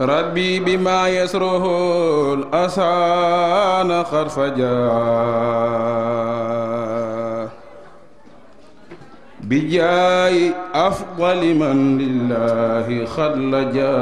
rabbi bi maa yasrohol asaana xarfaja bi jaayi afdali man lillahi xadlaja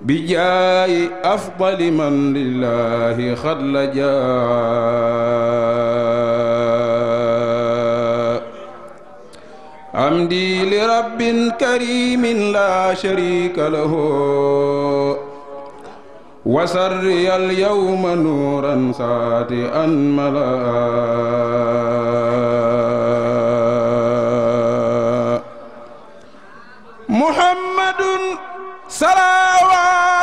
bi jaayi afdali man lillaahi xad la jaa amdi li rabbin karimin laa sharika lahu wa sarriyal yawma nuuran saati an malaa muhammadun salaawa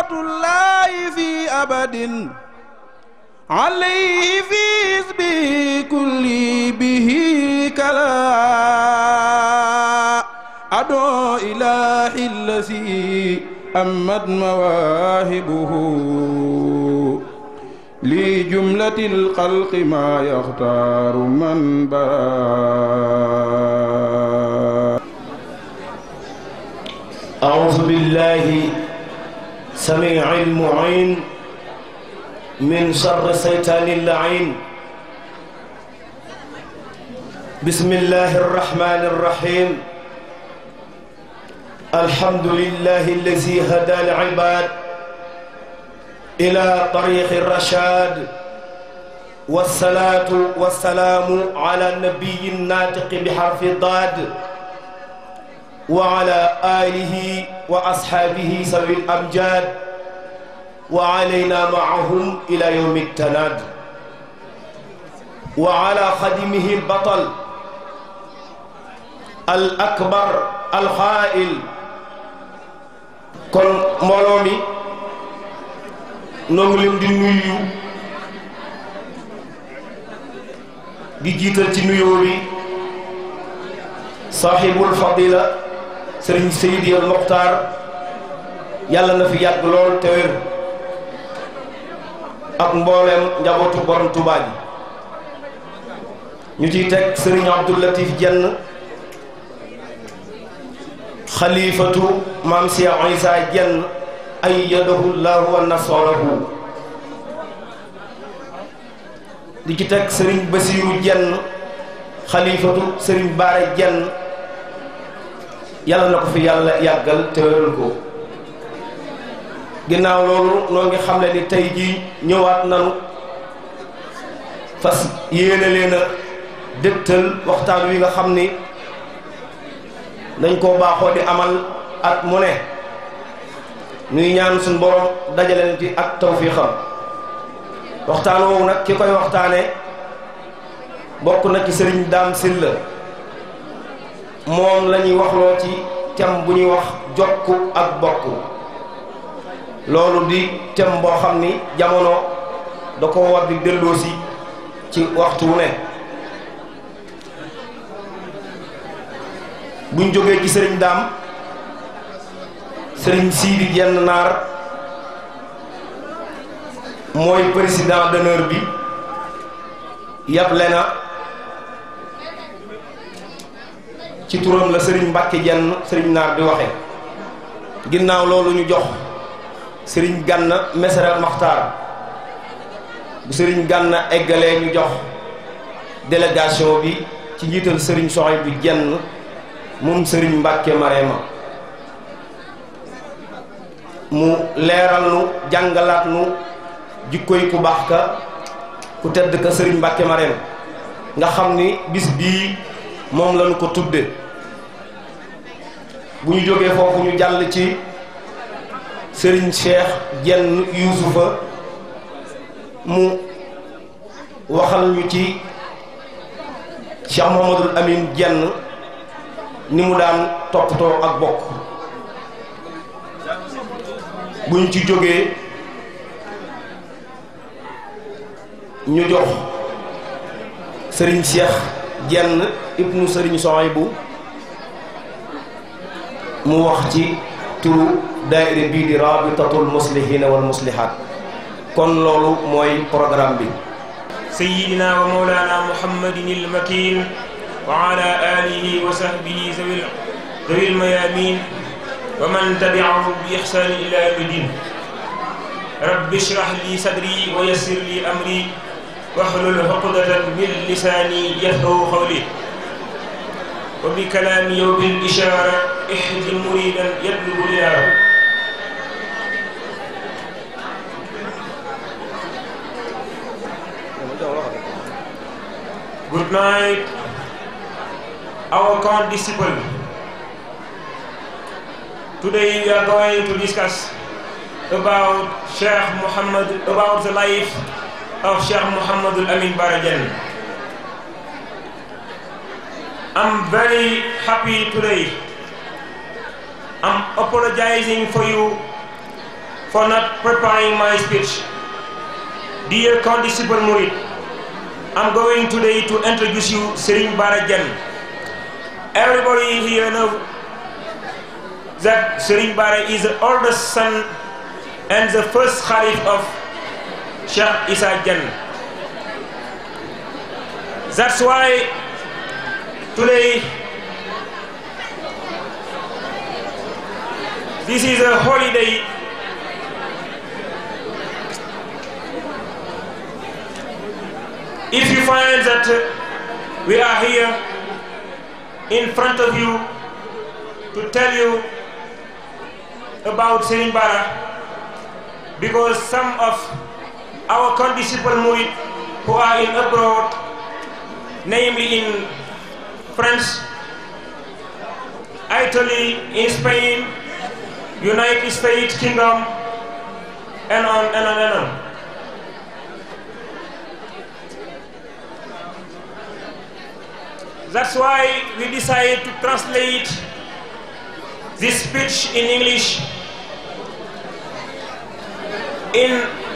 rahmatullahi fi abadin alayhi fi isbi kulli bihi kala ado ilahi lasi amad mawahibuhu li jumlati lxalqi ma yaxtaaru man bara أعوذ بالله السميع المعين من شر الشيطان اللعين بسم الله الرحمن الرحيم الحمد لله الذي هدى العباد إلى طريق الرشاد والصلاة والسلام على النبي الناطق بحرف الضاد wa ala alihi wa ashaabihi sawi amjad wa alayna maahum ila yawmi tanaad wa ala xadimihi albatal al akbar alxaail kon mbooloo mi noo ngi leen di nuyu di jiital ci nuyoo bi saaxibul fadila sëriñ Seydi al Moxtaar na fi yàgg lool te wér ak mbooleem njabootu borom Touba ñu ciy teg sëriñ Abdou Latif Jenn xalifatu maam Cheikh Isa Jenn ayyadahu llahu wa nasarahu di ci teg sëriñ Basiiru Jenn xalifatu sëriñ Baare Jenn yàlla na ko fi yàlla yàggal te ko ginnaaw loolu noo xam ne ni tey jii ñëwaat nanu fas yéene leen a dégtal waxtaan wi nga xam ni dañ koo baaxoo di amal at mu ne nuy ñaan suñ borom dajaleen ci ak tawfiixam waxtaan woowu nag ki koy waxtaane bokk na ci sëriñ daam silla moom la ñuy ci thème bu ñuy wax jokk ak bokk loolu di thème boo xam ni jamono da ko war di delloosi ci waxtu wu ne buñ jógee ci sëriñ daam sëriñ siidi jenn naar mooy président d'honneur bi yàpp lena ci turam la sëriñ Mbàkke jenn sëriñ naar di waxe ginnaaw loolu ñu jox sëriñ gann meseral maxtaar bu sëriñ gànn eggalee ñu jox délégation bi ci jiital sëriñ soxoy bu jenn moom sëriñ Mbàkke Marema mu leeral nu jàngalaat nu jikkoy ku baax ka ku tedd ka sëriñ mbakke Marema nga xam ni bis bii moom lañu ko tudde bu ñu jógee foofu ñu jàll ci sëriñ Cheikh jenn Youssoufa mu waxal ñu ci Cheikh Mouhamadoul Amine jenn ni mu daan toppatoo ak bokk bu ñu ci jógee ñu jox sëriñ Cheikh jenn ibnu sëriñ soxoy bu mu wax ci turu daayira bii di rabitatul muslihina wal muslihat kon loolu mooy programme bi sayidina wa mawlana muhammadin ilmakin wa ala alihi wa sahbihi zawil mayamin wa man tabiahu bi ihsani ila yawmi din rabbi ishrah li sadri wa yassir li amri واحلل عقدة من لساني يفقه قولي وبكلام يوم الإشارة احد مريدا يبلغ لله Good night, our con Today we are going to discuss about Sheikh Muhammad, about the life of Cheikh Mouhamadul Amin Bara Diagne I'm very happy today I'm apologizing for you for not preparing my speech dear condisciple Murid I'm going today to introduce you Serigne Bara Diagne everybody here know that Serigne Bara is the oldest son and the first Khalif of Cheikh Issa Dieng zarsuwaay today this is a holiday if you find that we are here in front of you to tell you about Serigne Bara because some of Our condisciple Murid who are in abroad, namely in France, Italy, in Spain, United States Kingdom, and on and on and why we decided to translate this speech in English in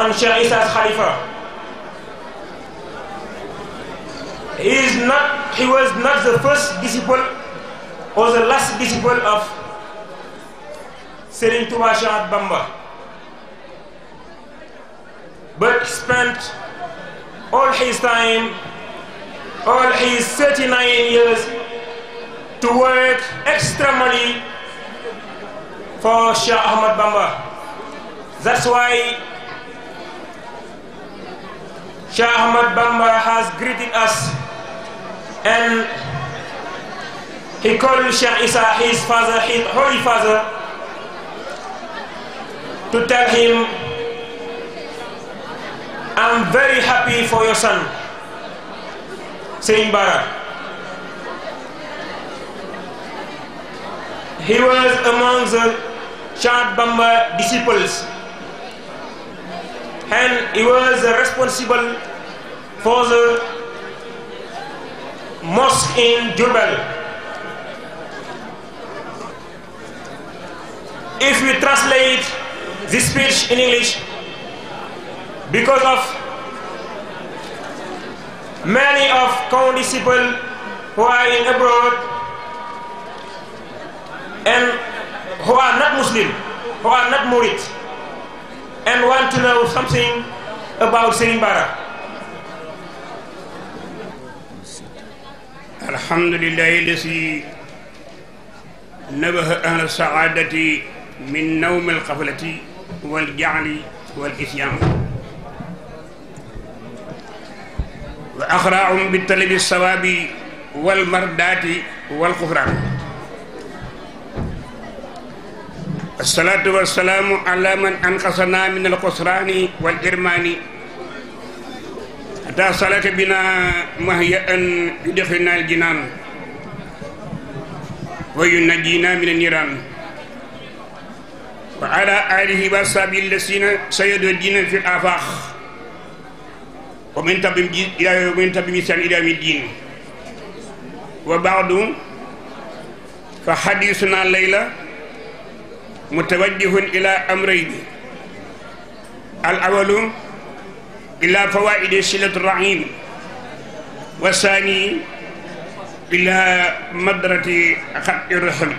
on Sheikh Isaa's Khalifa he is not he was not the first disciple or the last disciple of Serigne Touba Cheikh Ahmad Bamba but spent all his time all his years to work extremely for Cheikh Ahmad Bamba that's why Shah Ahmad Bamba has greeted us and he called Sheikh Isa his holy father, to tell him, I'm very happy for your son, Sayyid He was among the Shah Bamba disciples and he was responsible for the mosque in Jubal. If we translate this speech in English, because of many of co-disciples who are in abroad and who are not Muslim, who are not Murid, and want to know something about Serigne الحمد لله الذي نبه أهل السعادة من نوم القفلة والجعل والإثيان وأخرعهم بالطلب الصواب والمردات والكفران الصلاة والسلام على من أنقذنا من القسران والإرمان daa salaka bina mahya an yudxilna aljinan wa yunajjina min anniran wa ala alihi wa ashabi allasina sayudjina fi afaq wa min tabim ila min tabim san ila min din wa ba'du fa hadithuna layla mutawajjihun ila amrayn al awalu bila fawaidi silatu rahim wa saani bila madrati xat irham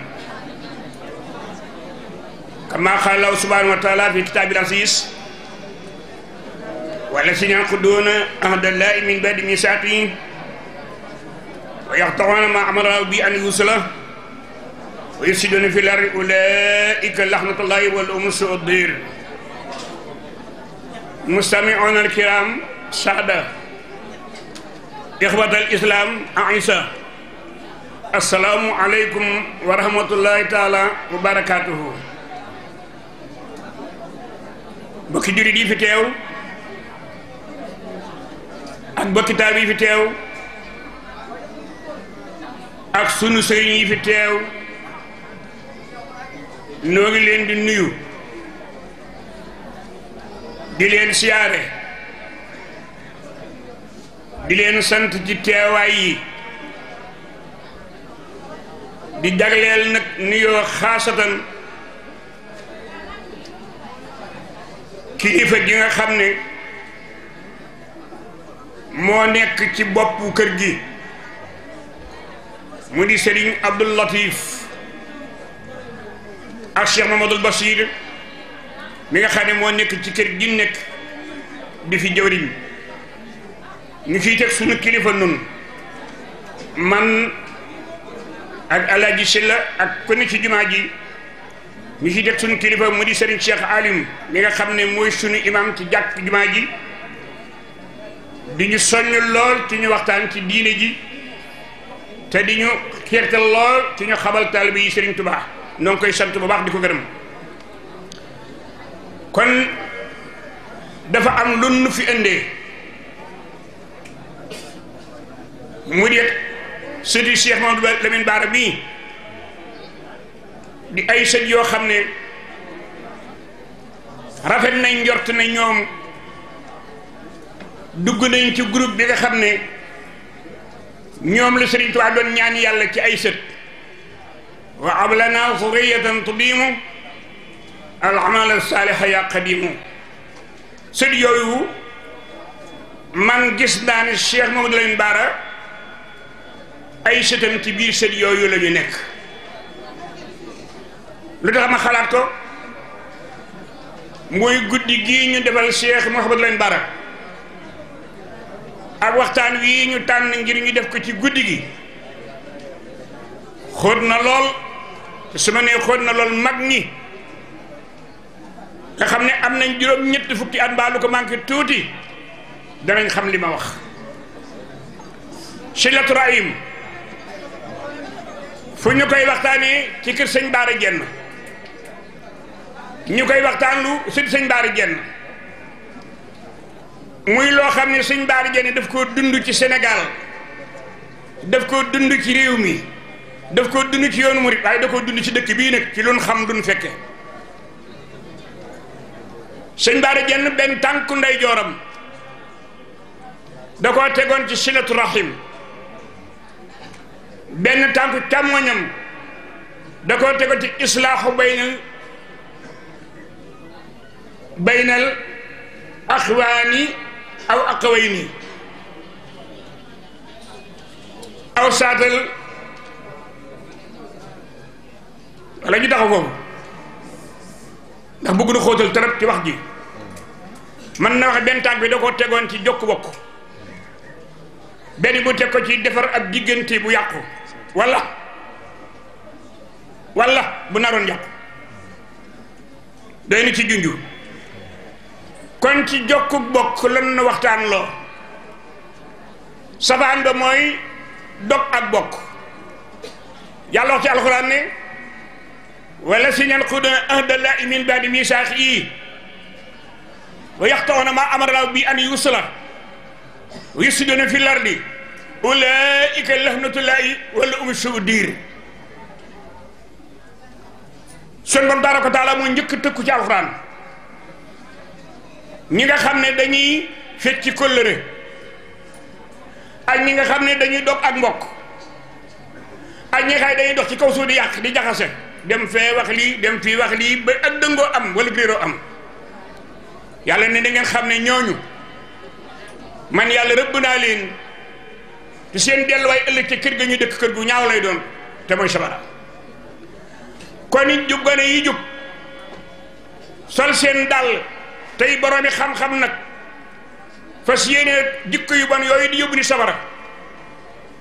kama qaala Allahu subhanahu wa taala fi kitaabil aziz والذين ينقضون عهد الله من بعد ميثاقه ويقطعون ما أمر الله به أن يوصل ويفسدون في الأرض أولئك لعنة الله والأمم الدين mustami'una alkiram saada ixwat al islam aisa asalaamu aleykum wa rahmatullahi taala wa bokki jurit yi fi teew ak bokki taab yi fi teew ak sunu sëriñ yi fi teew noo ngi leen di nuyu di leen siyaare di leen sant ci teewaay yi di jagleel nag nuyoo xaasatan kilifa gi nga xam ne moo nekk ci boppu kër gi mu di Serigne Abdoul Latif ak Cheikh Mamadou Bachir mi nga xam ne moo nekk ci kër gi nekk di fi jëwriñ ñu fiy teg suñu kilifa nun man ak alaaji Silla ak ku ne ci jumaa ji ñu fiy teg suñu kilifa mu di Serigne Cheikh Alim mi nga xam ne mooy sunu imam ci jàkk jumaa ji di ñu soññ lool ci ñu waxtaan ci diine ji te di ñu xeertal lool ci ñu xabal taalibe yi Serigne Touba noo ngi koy sant bu baax di ko gërëm kon dafa am lu nu fi indee mu di sëti Cheikh Mamadou Lamine Bara bii di ay sët yoo xam ne rafet nañ njort na ñoom dugg nañ ci groupe bi nga xam ne ñoom la Sëriñ Tuubaa doon ñaan yàlla ci ay sët wa ablana zurriyatan tudimu al amal saaliha yaa qadimu sët yooyu man gis naa ne Cheikh Mamadou Lamine ay sëtam ci biir sët yooyu la ñu nekk lu tax ma xalaat ko muy guddi gii ñu defal Cheikh Mamadou Lamine Bara ak waxtaan wii ñu tànn ngir ñu def ko ci guddi gi xóot na lool te su ma nee xóot na lool mag ñi nga xam ne am nañ juróom ñetti fukki at mbaa lu ko manqué tuuti danañ xam li ma wax silatu rahim fu ñu koy waxtaanee ci kër sëñ Baara Jenn ñu koy waxtaan lu si sëñ Baara Jenn muy loo xam ne sëñ Baara Jenn daf koo dund ci Sénégal daf koo dund ci réew mi daf koo dund ci yoonu murit waaye da koo dund ci dëkk bii nag ci luñ xam duñ fekke sëñ Bara Diène benn tànku ndeyjooram da koo tegoon ci silatu benn tànku càmmoñam da koo tegoon ci islaaxu baynal baynal axwaani aw aqawayni aw saatal wala ñu taxaw foofu ndax bëgg na xóotal trop ci wax ji man na wax benn tànk bi da ko tegoon ci jokk bokk benn bu teg ko ci defar ab diggante bu yàqu walla walla bu naroon yàqu doy na ci junju kon ci jokk bokk lan na waxtaan loo safaan ba mooy dog ak bokk yàlla ci alxuraan ne wala si ñan xuda ahdallahi min baadi misaaq yi wa yaqta'una bii amara Allahu bi an yusla wa yufsiduna fil ardi ulaa'ika lahnatullahi wala um suu diir sun borom tabaraka taala moo njëkk tëkku ci alxuraan ñi nga xam ne dañuy fet ci kóllëre ak ñi nga xam ne dañuy dog ak mbokk ak ñi nga dañuy dox ci kaw suuf di yàq di jaxase dem fee wax lii dem fii wax lii ba ak dëngoo am wala réeroo am yàlla ne da ngeen xam ne ñooñu man yàlla rëbb naa leen te seen delluwaay ëllëg ca kër ga ñu dëkk kër gu ñaaw lay doon te mooy sabara kon it jub gone yi jub sol seen dàll tey boroomi xam-xam nag fas yéene jikko yu bon yooyu di yóbbu ni sabara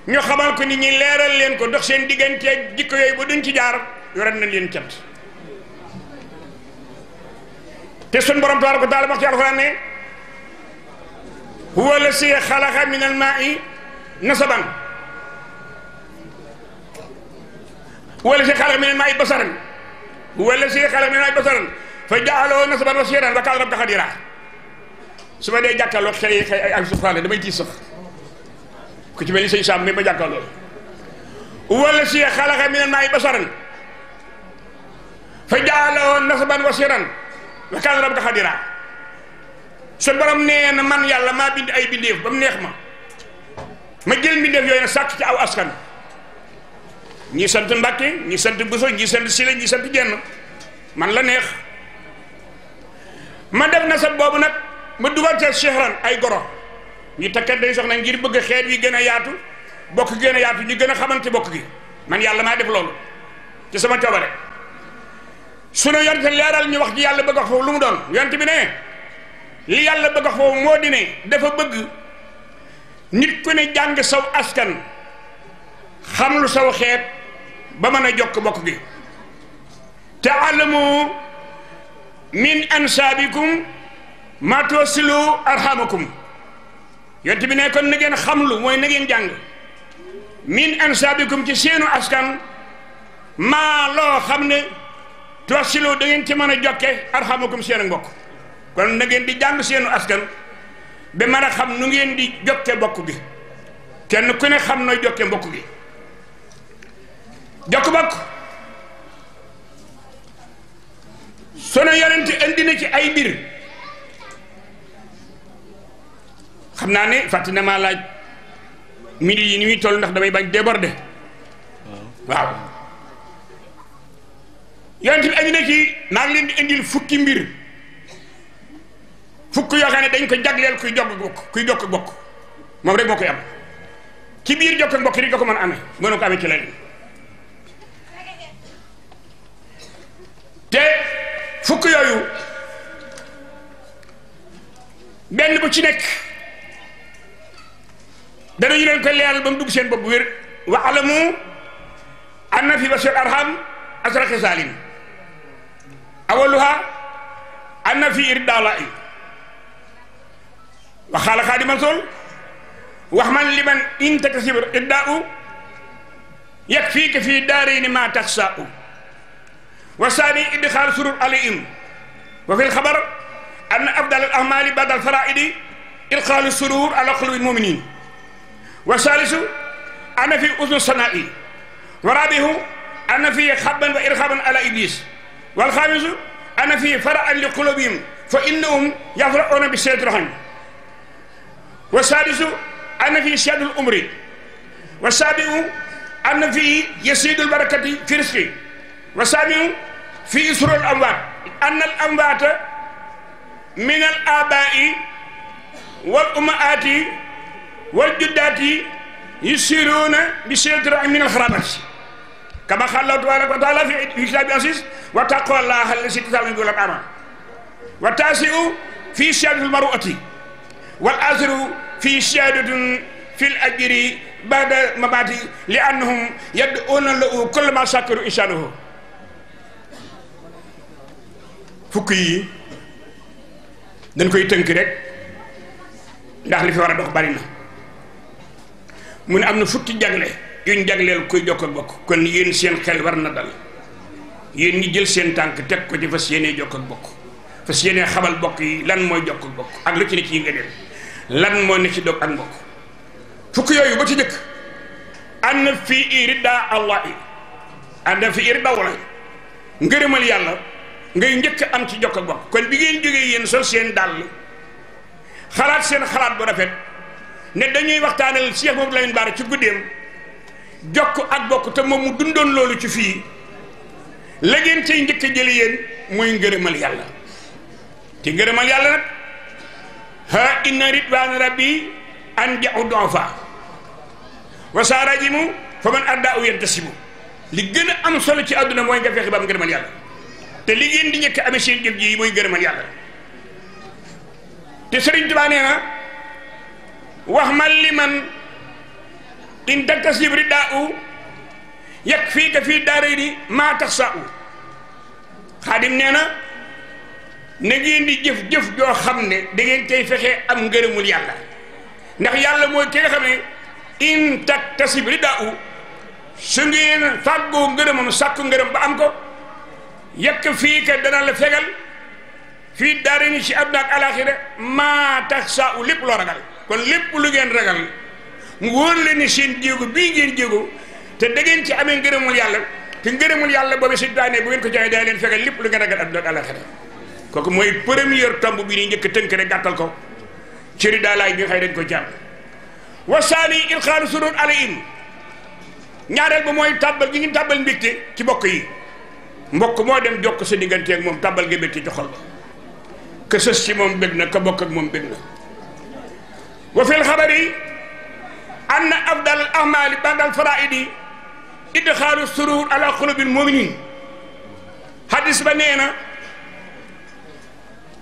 ñu xamal ko nit ñi leeral leen ko ndox seen diggante jikko yooyu ba duñ ci jaar yorat na leen cat te sun borom tabaaraka wa taala wax ci alxuraan ne huwa lasi xalaqa min al maai nasaban huwa lasi xalaqa min al maai basaran huwa lasi xalaqa min al maai basaran fa jaalahu nasaban wa siiran wa kaana rabbuka qadiira su ma dee jàkkaarloo xëy xëy ak suxaane damay tiit sax ku ci mel ni sëñ Saam mi ma jàkkaarloo huwa lasi xalaqa min al maai basaran fa jaalahu nasaban wa siiran wa kaana rabbuka qadiraa sa borom nee na man yàlla maa bind ay bindeef ba mu neex ma ma jël mbindeef yooyu nag sàkk ci aw askan ñi sant Mbàkke ñi sant Buso ñi sant Sile ñi sant jenn man la neex ma def na sa boobu nag ma dugal ca chehran ay goro ñu takkat day soxna ngir bëgg xeet wi gën a yaatu bokk gën a yaatu ñu gën a xamante bokk gi man yàlla maa def loolu ci sama coobare sunu yonte leeral ñu wax ji yàlla bëgg wax foofu lu mu doon yonte bi ne li yàlla bëgg wax moo di ne dafa bëgg nit ku ne jàng saw askan xam lu saw xeet ba mën a jokk bokk gi taalamu min ansaabikum ma tosilu arhamakum yonte bi ne kon na ngeen xam lu mooy na ngeen jàng min ansaabikum ci seenu askan maa loo xam ne toosiloo da ngeen ci mën a jokke arxamakum seenu mbokk kon na di jàng seenu askan ba mën a xam nu ngeen di jokke mbokk gi kenn ku ne xam nooy jokke mbokk gi jokk bokk sunu yonent indi na ci ay biir xam naa ne fàtte na maa laaj midi yi ni muy toll ndax damay bañ de waaw yonent bi andi na ci naa ngi leen di fukki mbir fukk yoo xam ne dañ ko jagleel kuy jog bokk kuy jokk bokk moom rek moo koy am ci biir jokk bokk rek nga ko mën a amee mënoo ko amee ci te fukk yooyu benn bu ci nekk danañu leen koy leeral ba mu dugg seen bopp wér wa alamu anna fi basir arham asra xisaalin awaluha anna fi irdalai wa xaala xaadima rasul wax man li man in taktasib irdaau yakfiika fi daarayni ma taxsaau wa saani idxaal surur alayhim wa fi lxabar anna afdal al ahmali bada al faraidi idxaalu surur ala qulubi lmuminin wa saalisu anna fi usnu sanai wa rabihu anna fi xabban wa irxaban ala iblis wal xaamisu ana fii fara'an li qulubihim fa innahum yafra'una bi seeti rahim wa saadisu ana fii seedul umri wa saabiu ana fii yasidul barakati fi risqi wa saabiu fii isrul amwaat anna al amwaata min al abaai wal umaati wal juddaati yusiruuna bi seeti rahim min al xaraabati kama xallahu tabaraka wa taala fi kitabi asis wa taqullaha allati tasaluna bihi wal arham wa tasiu fi shahadati al mar'ati wal asru fi shahadatin fil ajri ba'da mamati li annahum yad'una lahu kull ma shakaru insanahu fukk yi dañ koy tënk rek ndax li fi war a dox bari na mu ne am na fukki jagle yuñ jagleel kuy jokk ak bokk kon yéen seen xel war na dal yéen ñi jël seen tànk teg ko ci fas yéenee jokk ak bokk fas yéenee xamal bokk yi lan mooy jokk ak bokk ak lu ci ne ci nga dem lan moo ne ci dog ak mbokk fukk yooyu ba ci njëkk ànd fi irida fi irida wala ngërëmal yàlla ngay njëkk am ci jokk ak bokk kon bi ngeen jógee yéen sol seen dàll xalaat seen xalaat bu rafet ne dañuy waxtaanal Cheikh Mouhamadou Lamine Bara ci guddeem jokk ak bokk te moom mu dundoon loolu ci fii la ngeen cay njëkk a jëli yéen mooy ngërëmal yàlla ci ngërëmal yàlla nag ha inna ridwan rabbi an jaxu donfa wa saarajimu fa man arda u yantasibu li gën am solo ci àdduna mooy nga fexe ba yàlla te li di njëkk amee seen jëf ji mooy ngërëmal yàlla te Sëriñ Tuubaa wax ma man in taktasib ridaa'u yakfiika fii daarayni maa taxsaa'u xaadim nee na na ngeen di jëf-jëf joo xam ne da ngeen fexe am ngërëmul yàlla ndax yàlla mooy ki nga xam ne in taktasib ridaa'u su ngeen fàggoo ngërëmam sàkku ngërëm ba am ko yakfiika dana la fegal fii daarayni ci àdduna ak alaaxira maa taxsaa'u lépp loo ragal kon lépp lu ngeen ragal mu wóor leen ne seen jéego bii ngeen jéego te da ngeen ci amee ngërëmul yàlla te ngërëmul yàlla boobu seytaane bu ngeen ko joxee day leen fegal lépp lu ngeen ragal àdduna ak àllaxira kooku mooy première tomb bi ni njëkk a tënk rek gàttal ko cëri daalaay bi nga xëy dañ ko jàmm wasaani ilxaalu suróor alayhim ñaareel ba mooy tàbbal gi ngi tàbbal mbégte ci bokk yi mbokk moo dem jokk sa diggante ak moom tàbbal nga mbégte ci xol ka sës ci moom bég nag ka bokk ak moom bég na wa fil xabar yi anna afdal al ahmali ba'da al faraidi idxaalu surur ala xulubil muminin hadis ba nee na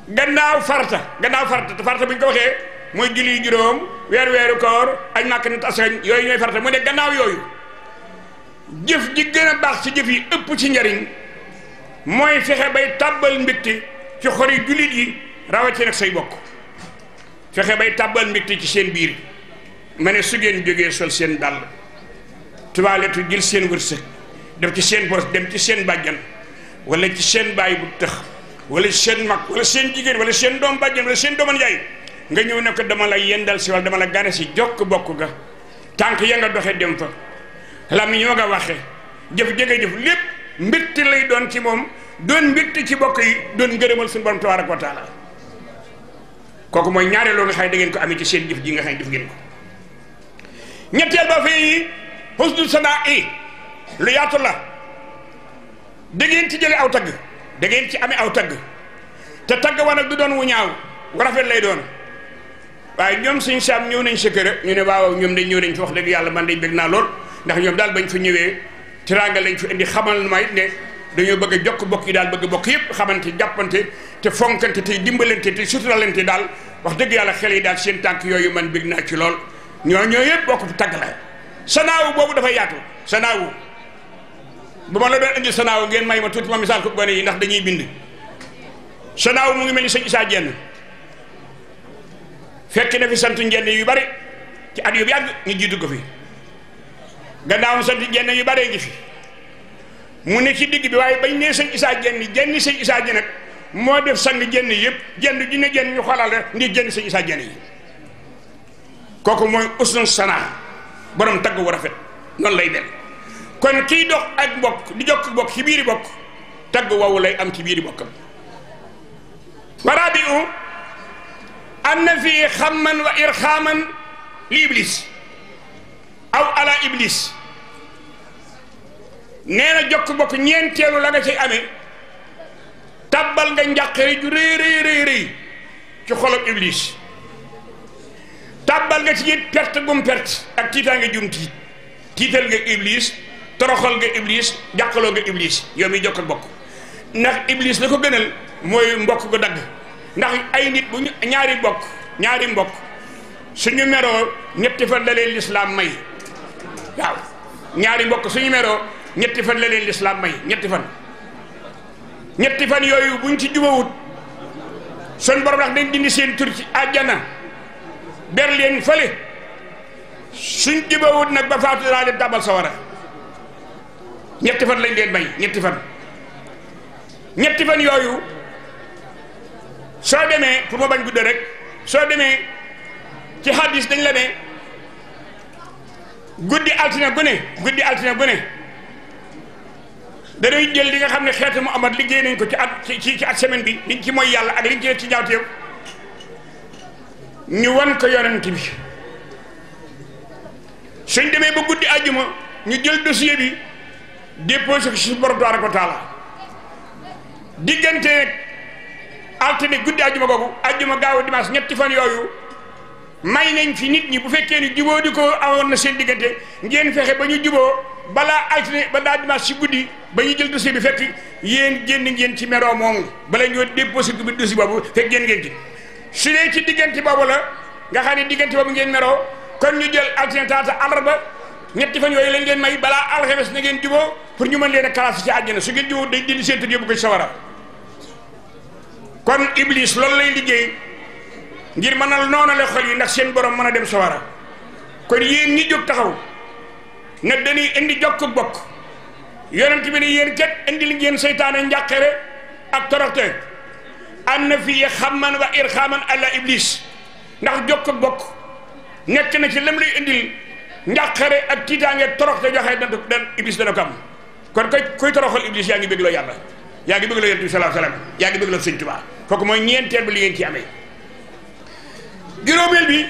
gannaaw farta gannaaw farta te farta bu ñu ko waxee mooy julli juróom weer weeru koor ak nàkk nit asañ yooyu ñooy farta mu ne gannaaw yooyu jëf ji baax ci jëf ëpp ci njariñ mooy fexe bay tàbbal mbégte ci xori jullit yi rawatina ak say bokk fexe bay tàbbal mbégte ci seen biir ma ne su ngeen jógee sol seen dàll tubaaletu jël seen wërsëg def ci seen bos dem ci seen bàjjan wala ci seen baay bu tëx wala seen mag wala seen jigéen wala seen doom bàjjan wala seen dooman yaay nga ñëw ne ko dama la yendal si wala dama la gane si jokk bokk ga tànk ya nga doxe dem fa lam ñoo nga waxe jëf jënga jëf lépp mbégte lay doon ci moom doon mbégte ci bokk yi doon ngërëmal suñu borom tabaaraka wa taala kooku mooy ñaareelu nga xam ne da ngeen ko amee ci seen jëf ji nga xam ne jëf ngeen ko ñetteel ba fii xusnu sanaa i lu yaatu la da ngeen ci jële aw tagg da ngeen ci amee aw tagg te tagg wa nag du doon wu ñaaw wu rafet lay doon waaye ñoom suñ saam ñëw nañ sa kër ñu ne waaw ñoom dañ ñëw nañ fi wax dëgg yàlla man dañ bëgg naa lool ndax ñoom daal bañ fa ñëwee teraanga lañ fi indi xamal ma it ne dañoo bëgg a jokk bokk yi daal bëgg bokk yëpp xamante jàppante te fonkante te dimbalante te suturalante daal wax dëgg yàlla xel yi daal seen tànk yooyu man bëgg naa ci lool ñoo ñoo yëpp bokk tagg la sanaawu boobu dafa yaatu sanaawu bu ma la doon indi sanaawu ngeen may ma tuuti ma misaal ko gone yi ndax dañuy bind sanaawu mu ngi mel ni sëñ Isaa Jenn fekk na fi sant njenn yu bari ci at yu yàgg ñu jiitu ko fi gannaawam sant jenn yi baree ngi fi mu ne ci digg bi waaye bañ nee sëñ Isaa Jenn jenn sëñ Isaa Jenn nag moo def sang yëpp jenn ju ne jenn ñu xoolal rek ndi jenn sëñ Isaa Jenn yi kooku mooy usnu sana borom tagg wu rafet noonu lay dem kon kiy dox ak bokk di jokk bokk ci biiri bokk tagg wawu lay am ci biiri bokkam warabi u am na fii xamman wa irxaaman li iblis aw ala iblis nee na jokk bokk ñeenteelu la nga cay amee tabbal nga njàqare ju rëy rëy rëy ci xolom iblis tàbbal nga ci it perte gum perte ak tiitaange jum tiit tiital nga iblis toroxal nga iblis jàqaloo nga iblis yow mi jokk ak bokk ndax iblis la ko gënal mooy mbokk gu dagg ndax ay nit bu ñaari bokk ñaari mbokk suñu meroo ñetti fan may ñaari mbokk suñu meroo ñetti fan la leen lislaam may ñetti fan ñetti fan yooyu buñ ci jubawut seen borom ndax dañ dindi seen tur ci àjjana ber leen fële suñ jubawut nag ba faatu dinaa leen tàbbal sawara ñetti fan lañ leen bay ñetti fan ñetti fan yooyu soo demee pour ma bañ gudde rek soo demee ci hadis dañ la ne guddi altine gu ne guddi altine gu ne dañuy jël li nga xam ne xeetu mu amat liggéey nañ ko ci at ci ci at semaine bi liñ ci mooy yàlla ak liñ ci def ci ñaawteef ñu wan ko yonent bi suñ demee ba guddi àjjuma ñu jël dossier bi déposé ko suñu borom tabaaraka wa taala diggante nag altine guddi àjjuma googu àjjuma gaaw dimanche ñetti fan yooyu may nañ fi nit ñi bu fekkee ni juboo di ko amoon na seen diggante ngeen fexe ba ñu juboo balaa altine ba daa dimanche si guddi ba ñu jël dossier bi fekk yéen génn ngeen ci meroo moomu bala ñoo déposé bi dossier boobu fekk génn ngeen ci su dee ci diggante boobu la nga xam ne diggante boobu ngeen meroo kon ñu jël alternative àllarba ñetti fan yooyu lañ leen may balaa alxames na ngeen juboo pour ñu mën leen a classé ci àjjana su ngeen juboo day dindi seen tëdd yóbbu ko sawara kon iblis loolu lay liggéey ngir mënal noonale xol yi ndax seen borom mën a dem sawara kon yéen ñi jóg taxaw ne dañuy indi jokk bokk yonent bi ne yéen kat indi li ngeen seytaane njàqare ak toroxte am na fii xamman wa irxaman àlla iblis ndax jokk ak bokk nekk na ci lam lay indil njàqare ak tiitaange torox te joxe dan dan iblis dana ko am kon koy koy toroxal iblis yaa ngi bëgg loo yàlla yaa ngi bëgg loo yonent bi salaa yaa ngi bëgg loo sëñ Tuubaa mooy ñeenteel bi li ngeen ci amee juróomeel bi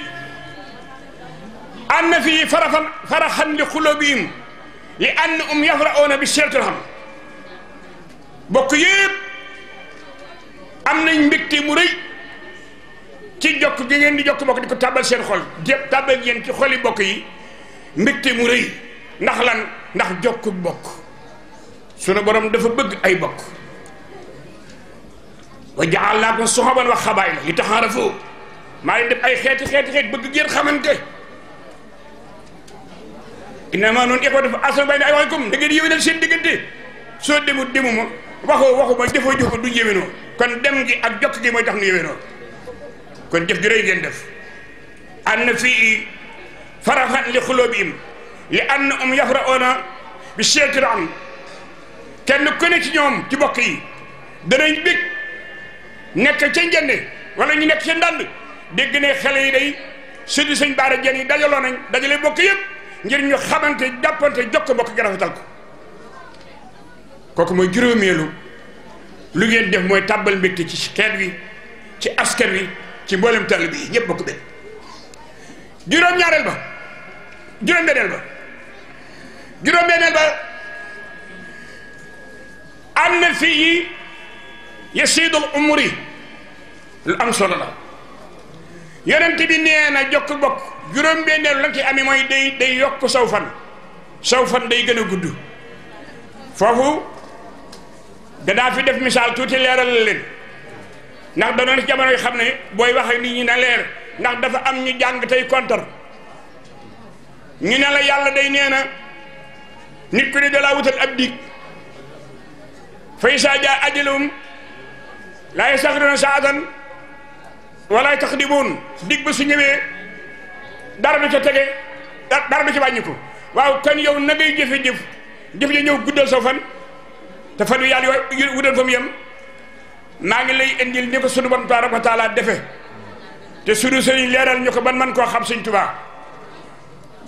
am na fii farafan faraxan li xulubihim li anna um yafraoona bi seetul xam bokk yëpp am nañ mbégte mu rëy ci jokk gi ngeen di jokk bokk di ko tàbbal seen xol jépp tàbbal yéen ci xoli bokk yi mbégte mu rëy ndax lan ndax jokk bokk sunu borom dafa bëgg ay bokk wa ja'alnaakum shu'uban wa qabaa'ila li ta'aarafu maa leen def ay xeeti xeeti xeet bëgg ngeen xamante innamaa noonu ikhwatun fa aslihu bayna axawaykum da ngeen yéwénal seen diggante soo demut demuma waxoo waxu ba jëfoo jëfoo du yéwénoo kon dem gi ak jokk gi mooy tax nu yéwénoo kon jëf ju rëy ngeen def an na fii faraxan li xuloo bi im li an na um yafra oona bi seetira am kenn ku ci ñoom ci bokk yi danañ bég nekk ca njënd wala ñu nekk ca ndànd dégg ne xale yi day sudi sëñ baara jeen yi dajaloo nañ dajale bokk yëpp ngir ñu xamante jàppante jokk bokk gi rafetal ko kooku mooy juróomeelu lu ngeen def mooy tàbbal mbégte ci xeet wi ci askan wi ci mboolem tàll bi ñëpp bokk benn juróom-ñaareel ba juróom-benneel ba juróom-benneel ba am na fii yasiidul umri lu am solo la yonent bi nee na jokk bokk juróom-benneelu la ci amee mooy day day yokk saw fan saw fan day gën a gudd foofu danaa fi def misaal tuuti leeral la leen ndax danoon ci jamono yi xam ne booy wax ak nit ñi na leer ndax dafa am ñu jàng tey kontar ñu ne la yàlla day nee na nit ku ne dalaa wutal ab dig fa izaa jaa ajaluhum laa yastaxiruuna saa'atan wala yastaqdimuun dig ba su ñëwee dara du ca tege dara du ca wàññiku waaw kon yow na ngay jëfe jëf jëf ñëw guddal sa fan te fan yu yàlla yooyu wutal fa mu yem maa ngi lay indil ni ko sunu borom tabaraka wa taala defe te sunu sëriñ leeral ñu ko ban man koo xam sëñ Tuubaa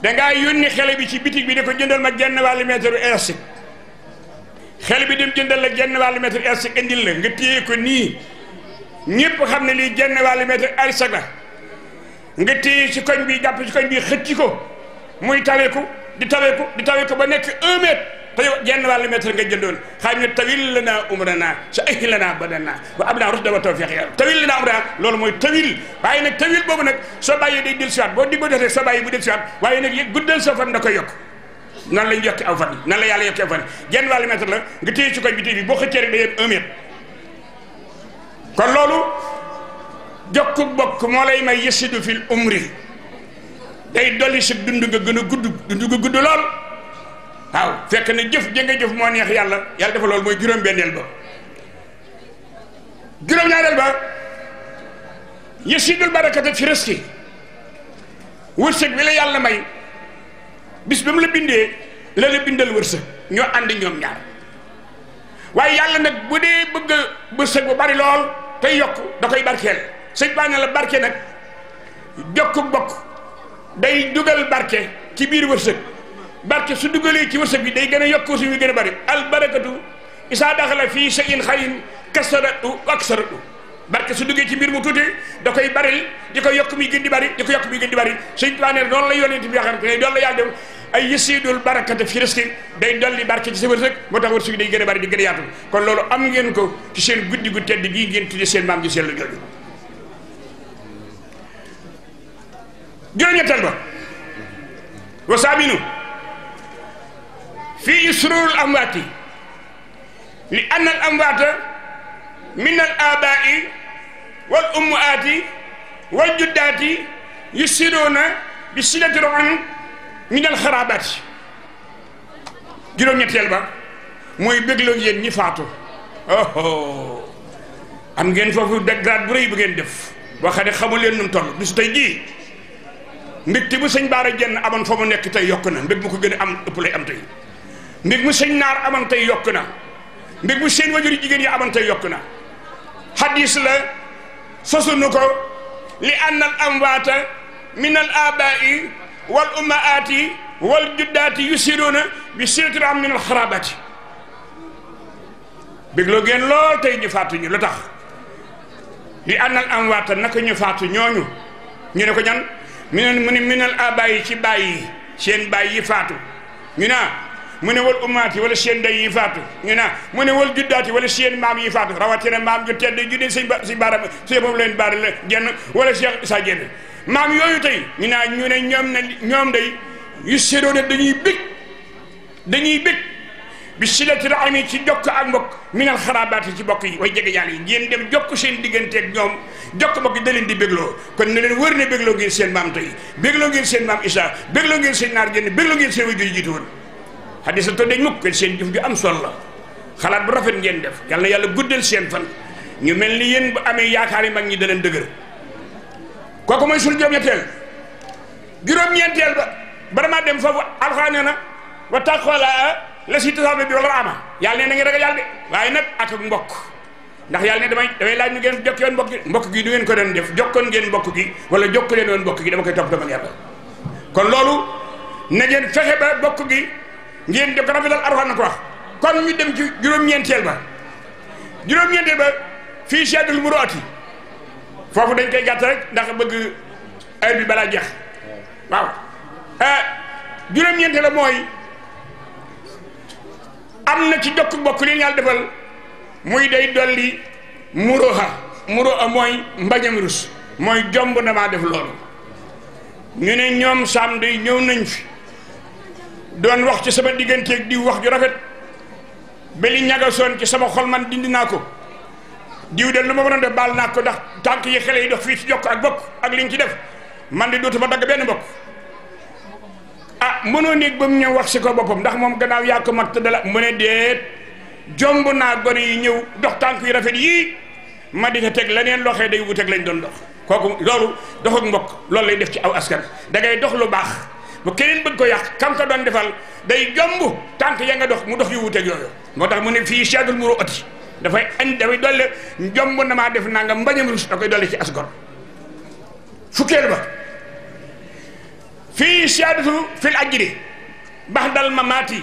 dangaa yónni xele bi ci bitig bi ne ko jëndal ma genn wàllu mètre élastique xele bi dem jëndal la genn wàllu mètre élastique indil la nga téye ko nii ñëpp xam ne lii genn wàllu mètre élastique la nga téye ci koñ bi jàpp ci koñ bi xëcc ko muy taweeku di taweeku di taweeku ba nekk un mètre te yow jenn wàllu mètre nga jëndoon xaam ne tawil la naa umrana sa ahi la naa badana wa ab naa rusda wa tawfiq ya tawil la naa umrana loolu mooy tawil waaye nag tawil boobu nag soo bàyyi day del siwaat boo dig ba jotee soo bàyyi bu del siwaat waaye nag yëg guddal sa fan da koy yokk noonu lañ yokki aw fan noonu la yàlla yokki aw fan jenn wàllu mètre la nga téye ci koñ bi téye bi boo xëccee rek day yem un mètre kon loolu jokku bokk moo lay may yësidu fil umri day dolli si dund nga gën a gudd dund nga gudd lool waaw fekk na jëf jënga jëf moo neex yàlla yàlla dafa loolu mooy juróom-benneel ba juróom-ñaareel ba yasidul barakata fi rëski wërsëg bi la yàlla may bis ba mu la bindee la la bindal wërsëg ñoo ànd ñoom ñaar waaye yàlla nag bu dee bëgg wërsëg bu bari lool tey yokk da koy barkeel sëñ baa ne la barke nag jokk bokk day dugal barke ci biir wërsëg barke su dugalee ci wërsëg bi day gën a yokku suñu gën a bari albarakatu isaa daxala fii shay'in xayin kasaratu aksaratu barke su duggee ci mbir mu tuuti da koy baril di ko yokk muy gën di bari di ko yokk muy gën di bari suñ tuwaa ne noonu la yonent bi yaxante ne doonu la yàlla def ay yësiidul a bari di gën a yaatu kon loolu am ngeen ko ci seen guddi gu tedd gii ngeen tudde seen maam ji seen la jooju juróom-ñettal ba wasaabinu fii sururul amwaati li anna al amwaata min al abaai wal ummaati wal juddaati yusiruuna bi silati roxan min al xaraabaati juróom-ñetteel ba mooy bégloo yéen ñi faatu oh am ngeen foofu degrade bu rëy bu ngeen def boo xam xamul leen nu mu toll bisu tey jii mbégte bu sëñ Baara Jenn amoon fa mu nekk tey yokk na mbég mu ko gën am ëpp lay am tey. mbir mu sëñ naar amanta tey yokk na mbir mu seen wajuri jigéen yi aman tey yokk na xadis la sosunu ko li ann al amwaata min al wal ummaati wal juddaati yusiruuna bi silati rahim min al xaraabati bégloo ngeen lool tey ñu faatu ñu lu tax li ann al amwaata naka ñu faatu ñooñu ñu ne ko ñan mu ne mu abaay ci baay yi seen baay yi faatu ñu naa mu ne wal ummaati wala seen ndey yi faatu naa ah, mu ne wal juddaati wala seen maam yi faatu rawatina maam ju tedd ju dee sëñ ba sëñ baara sëñ leen baara la genn wala Cheikh Issa Diène maam yooyu tey ñu naa ah, ñu ne ñoom ne ñoom day yu séddoo ne dañuy bég dañuy bég bi silatil ami ci jokk ak mbokk minal xarabaati ci bokk yi way jege yàlla yi ngeen dem jokk seen digganteeg ñoom jokk mbokk yi da di bégloo kon ne leen wër ne bégloo ngeen seen maam tey bégloo ngeen seen maam Issa bégloo ngi seen naar jenn bégloo ngi seen way jiitu woon xadisa to dañ mukk seen jëf ju am solo la xalaat bu rafet ngeen def yal na yàlla guddal seen fan ñu mel ni yéen bu amee yaakaar yi mag ñi danañ dëgër kooku mooy suñu juróom-ñetteel juróom-ñeenteel ba bala maa dem foofu alxuraan nee na wa taqwala la si tasaabe bi wala ama yàlla ne na ngeen yàlla de waaye nag ak ak mbokk ndax yàlla ne damay damay laaj ñu ngeen jokk yoon mbokk mbokk gi du ngeen ko doon def jokkoon ngeen mbokk gi wala jokk leen woon mbokk gi dama koy topp dama yàlla kon gi ngeen di ko rafetal ko wax kon ñu dem ci juróom-ñeenteel ba juróom-ñeenteel ba fii seddul muruati foofu dañ koy gàtt rek ndax bëgg heure bi balaa jeex waaw eh, juróom-ñeenteel la mooy am na ci jokk bokk li yàlla defal muy day dolli muroha muroha mooy mbañam rus mooy jomb na maa def loolu ñu ne ñoom samedi ñëw nañ fi doon wax ci sama digganteeg diw wax ju rafet ba li ñagasoon ci sama xol man dindi naa ko diw de lu ma a def baal naa ko ndax tànk yi xale yi dox fii si jokk ak bokk ak liñ ci def man di dootuma dagg benn bokk ah mënoo néeg ba mu ñëw wax si ko boppam ndax moom gannaaw yaa ko mat dala mu ne déet jomb naa gone yi ñëw dox tànk yi rafet yii ma di ca teg leneen loxee day teg lañ doon dox kooku loolu dox ak mbokk loolu lay def ci aw askan da dox lu baax bu keneen bëgg ko yàq kam ko doon defal day jomb tànk ya nga dox mu dox yu te yooyu moo tax mu ne fii chadul muru ati dafay añ dafay dolle jomb na maa def nanga mbañam rus da koy dolle ci asgor fukkeel ba fii chadatu fil ajri bax dal ma maati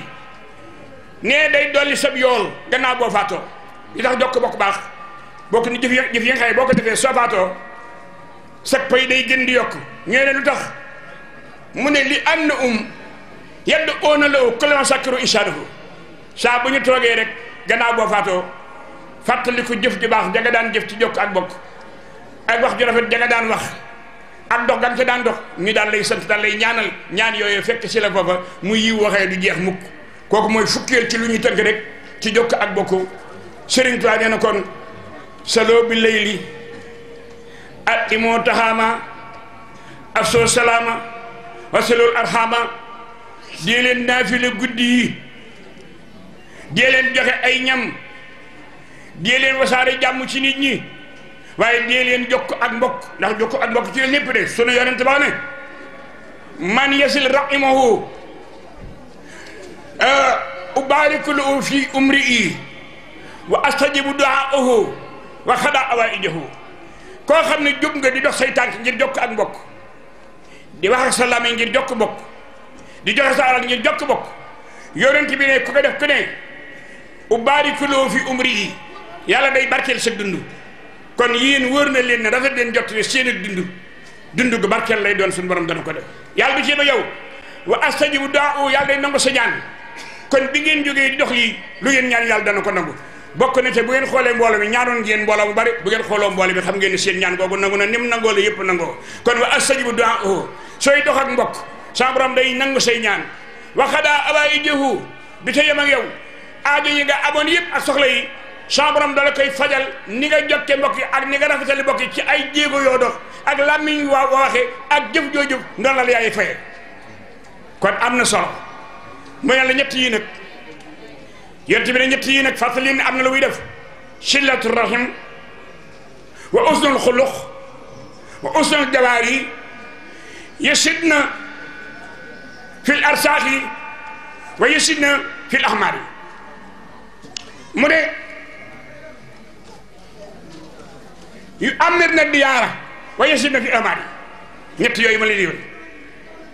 nee day dolli sab yool gannaaw boo faatoo li tax jokk bokk baax bokk ni jëf jëf yi nga boo ko defee soo faatoo sa pay day gën di yokk ñee ne lu tax mu ne li am na um yedd oona law kulon sakkiru isaanahu saa bu ñu toogee rek gannaaw boo faatoo fàttaliku jëf ju baax ja nga daan jëf ci jokk ak bokk ak wax ju rafet ja daan wax ak dox gan ca daan dox ñu daan lay sant daan lay ñaanal ñaan yooyu fekk si la foofa mu yiw waxee du jeex mukk kooku mooy fukkeel ci lu ñuy tënk rek ci jokk ak bokk Sëriñ a nee na kon saloo bi layli at imoo taxaama af soo salaama wasilul arxama dee leen naafile guddi yi joxe ay ñam dee leen wasaare ci nit ñi waaye dee leen jokk ak mbokk ndax jokk ak mbokk ci la ñëpp de sunu yonent ba ne man yasil rahimahu eh, ubaariku lahu fi umrihi wa astajibu duaahu wa xada awaijahu koo xam ne jóg nga di dox say tànk ngir jokk ak mbokk di wax ak sa làmmiñ ngir jokk bokk di joxe sa alal ngir jokk bokk yonent bi ne ku ko def ku ne ubaarikuloo fi umri yi yàlla day barkeel sa dund kon yéen wóor na leen ne rafet leen jot ne seen ak dund dund gu barkeel lay doon suñu borom dana ko def yàlla du ci ba yow wa astajibu daa u yàlla day nangu sa ñaan kon bi ngeen jógee di dox lii lu ngeen ñaan yàlla dana ko nangu bokk na te bu ngeen xoolee mbooloo mi ñaanoon ngeen mbooloo bu bari bu ngeen xooloo sooy dox ak mbokk sa borom nangu say ñaan waxadaa abaa idihu bi te yem ak yow aajo yi nga amoon yëpp ak soxla yi sa borom dala koy fajal ni nga jokke mbokk yi ak ni nga rafetali mbokk ci ay jéego yoo dox ak làmmiñ waa waxe ak jëf joo jëf yaay faye kon am na solo mu ne la ñett yii nag yonent bi ne ñett yii nag fàttali am na lu muy def silatu rahim wa usnul xuluq wa usnul jawaar yi يشدنا في الأرساخ ويشدنا في الأحمار mu ne yu amir na diyaara wa yasidna fi amaari ñett yooyu ma la diwé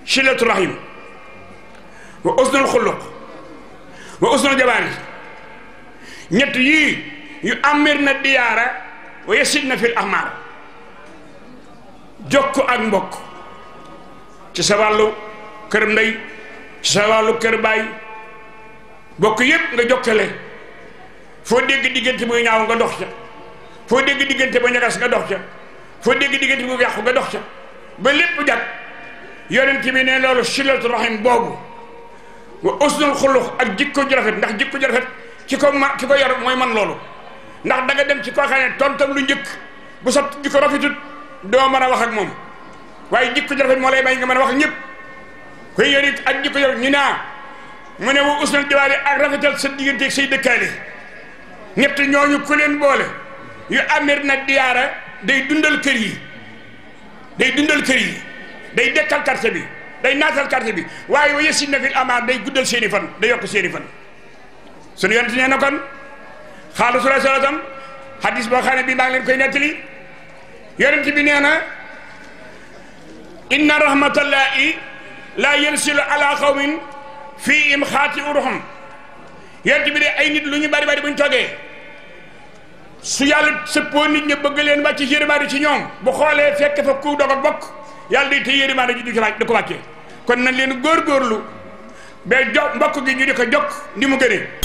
silatu rahim wa usnul xuluq wa usnul jabaani ñett yii yu amir na diyaara wa yasidna fi amaar jokk ak mbokk ci sa wàllu kër ndey ci sa wàllu kër baay bokk yépp nga jokkale foo dégg diggante muy ñaaw nga dox ca foo dégg diggante ba ñagas nga dox ca foo dégg diggante bu yàqu nga dox ca ba lépp jag yonent bi ne loolu silatu rahim boobu wa usnul xulux ak jikko ju rafet ndax jikko ju rafet ci ko ma ci ko yor mooy man loolu ndax da nga dem ci koo xam ne tontam lu njëkk bu sa jikko rafetut doo mën a wax ak moom waaye jikko ju rafet moo lay may nga mën a wax ñëpp koy yor ak jikko yor ñu naa ah, mu ne wa usnal jawaari ak rafetal sa diggante ak dëkkaale ñett ñooñu ku leen boole yu amir nag diyaara day dundal kër yi day dundal kër yi day dekkal quartier bi day naatal quartier bi waaye wa yësi na fil amaar day guddal seeni fan day yokk seeni fan suñu yonent nee na kon xaalu sura salatam hadis boo xam ne bii maa ngi leen koy nettali yonent bi nee na inna rahmatallahi laa yansilu ala qawmin fii im xaati uruhum yent bi de ay nit lu ñu bari bari bu ñu toggee su yàlla sëppoo nit gëleen bëgg leen wàcc ci ñoom bu xoolee fekk fa ku dog bokk yàlla day te yërmaande ji du ci wàcc du ko wàccee kon nañ leen góorgóorlu ba jo mbokk gi ñu di ko jokk ni mu gënee